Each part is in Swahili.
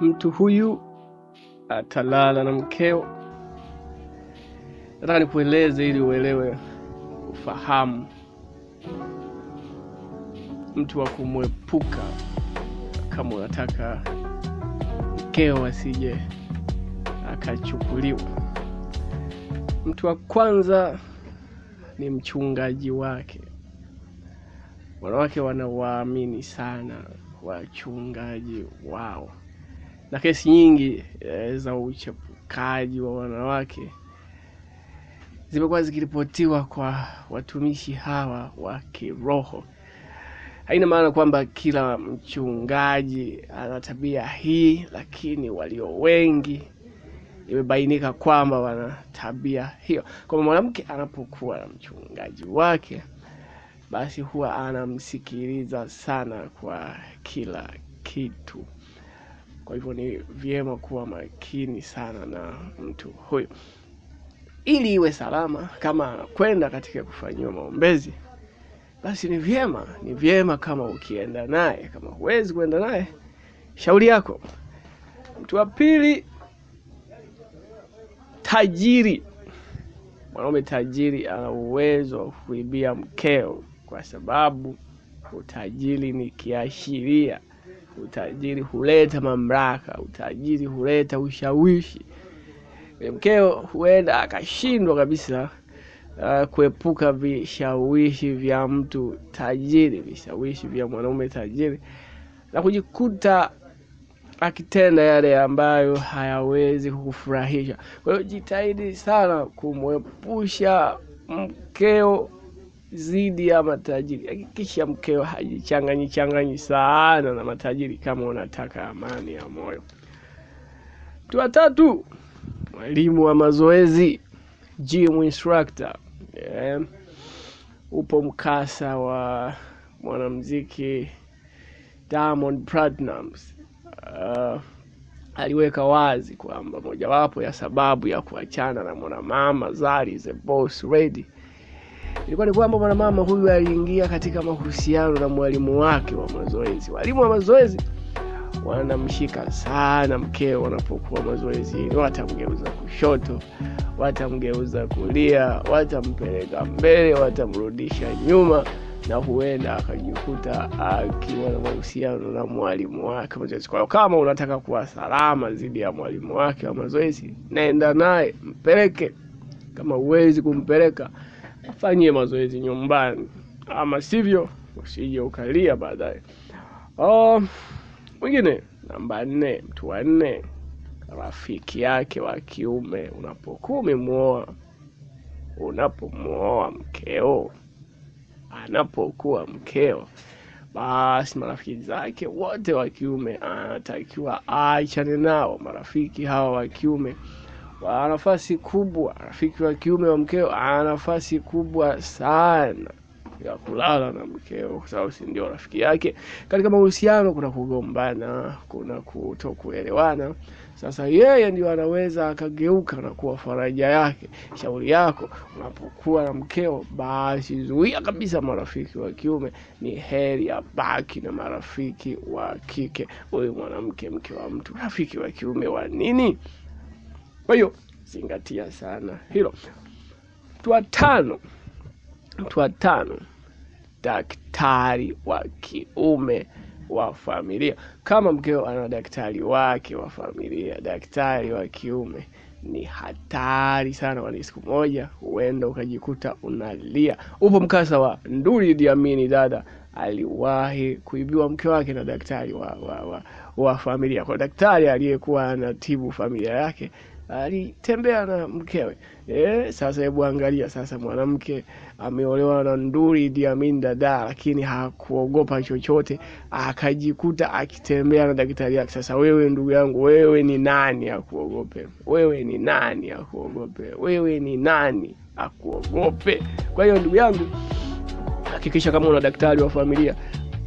mtu huyu atalala na mkeo. Nataka nikueleze ili uelewe, ufahamu mtu wa kumwepuka kama unataka mkeo asije akachukuliwa. Mtu wa kwanza ni mchungaji wake. Wanawake wanawaamini sana wachungaji wao na kesi nyingi e, za uchapukaji wa wanawake zimekuwa zikiripotiwa kwa watumishi hawa wa kiroho. Haina maana kwamba kila mchungaji ana tabia hii, lakini walio wengi imebainika kwamba wana tabia hiyo. Kwa mwanamke anapokuwa na mchungaji wake, basi huwa anamsikiliza sana kwa kila kitu. Kwa hivyo ni vyema kuwa makini sana na mtu huyu. Ili iwe salama, kama anakwenda katika kufanyiwa maombezi, basi ni vyema ni vyema kama ukienda naye. Kama huwezi kuenda naye, shauri yako. Mtu wa pili, tajiri. Mwanaume tajiri ana uwezo wa kuibia mkeo, kwa sababu utajiri ni kiashiria Utajiri huleta mamlaka, utajiri huleta ushawishi. Mkeo huenda akashindwa kabisa uh, kuepuka vishawishi vya mtu tajiri, vishawishi vya mwanaume tajiri, na kujikuta akitenda yale ambayo hayawezi kukufurahisha. Kwa hiyo jitahidi sana kumwepusha mkeo zidi ya matajiri. Hakikisha mkeo hajichanganyi changanyi sana na matajiri kama unataka amani ya moyo. Mtu wa tatu, mwalimu wa mazoezi, gym instructor. Yeah. Upo mkasa wa mwanamuziki Diamond Platnumz. Uh, aliweka wazi kwamba mojawapo ya sababu ya kuachana na mwanamama Zari the Boss ready Ilikuwa ni kwamba mwanamama huyu aliingia katika mahusiano na mwalimu wake wa mazoezi. Walimu wa mazoezi wanamshika sana mkeo wanapokuwa mazoezini, watamgeuza kushoto, watamgeuza kulia, watampeleka mbele, watamrudisha nyuma, na huenda akajikuta akiwa na mahusiano na mwalimu wake mazoezi. Kwa hiyo kama unataka kuwa salama dhidi ya mwalimu wake wa mazoezi, naenda naye, mpeleke. Kama huwezi kumpeleka fanyie mazoezi nyumbani, ama sivyo usije ukalia baadaye. Oh, mwingine namba nne, mtu wa nne, rafiki yake wa kiume. Unapokuwa umemwoa, unapomwoa mkeo, anapokuwa mkeo, basi marafiki zake wote wa kiume anatakiwa aachane nao. Marafiki hawa wa kiume ana nafasi kubwa. Rafiki wa kiume wa mkeo ana nafasi kubwa sana ya kulala na mkeo, kwa sababu si ndio rafiki yake. Katika mahusiano kuna kugombana, kuna kutokuelewana. Sasa yeye ndio anaweza akageuka na kuwa faraja yake. Shauri yako unapokuwa na mkeo, basi zuia kabisa marafiki wa kiume. Ni heri ya baki na marafiki wa kike. Huyu mwanamke, mke wa mtu, rafiki wa kiume wa nini? Kwa hiyo zingatia sana hilo. Mtu tano, mtu tano, daktari wa kiume wa familia. Kama mkeo ana daktari wake wa familia, daktari wa kiume ni hatari sana, kwani siku moja huenda ukajikuta unalia. Upo mkasa wa Nduli Diamini, dada aliwahi kuibiwa mke wake na daktari wa, wa, wa, wa familia. Kwa daktari aliyekuwa anatibu familia yake alitembea na mkewe e, sasa hebu angalia sasa, mwanamke ameolewa na nduri Diamin dada, lakini hakuogopa chochote, akajikuta akitembea na daktari yake. Sasa wewe ndugu yangu, wewe ni nani akuogope? Wewe ni nani akuogope? Wewe ni nani akuogope? Kwa hiyo ndugu yangu, hakikisha kama una daktari wa familia,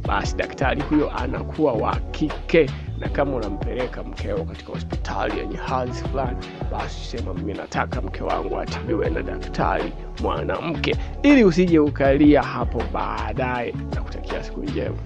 basi daktari huyo anakuwa wa kike na kama unampeleka mkeo katika hospitali yenye hazi fulani, basi sema mimi nataka mke wangu atibiwe na daktari mwanamke, ili usije ukalia hapo baadaye, na kutakia siku njema.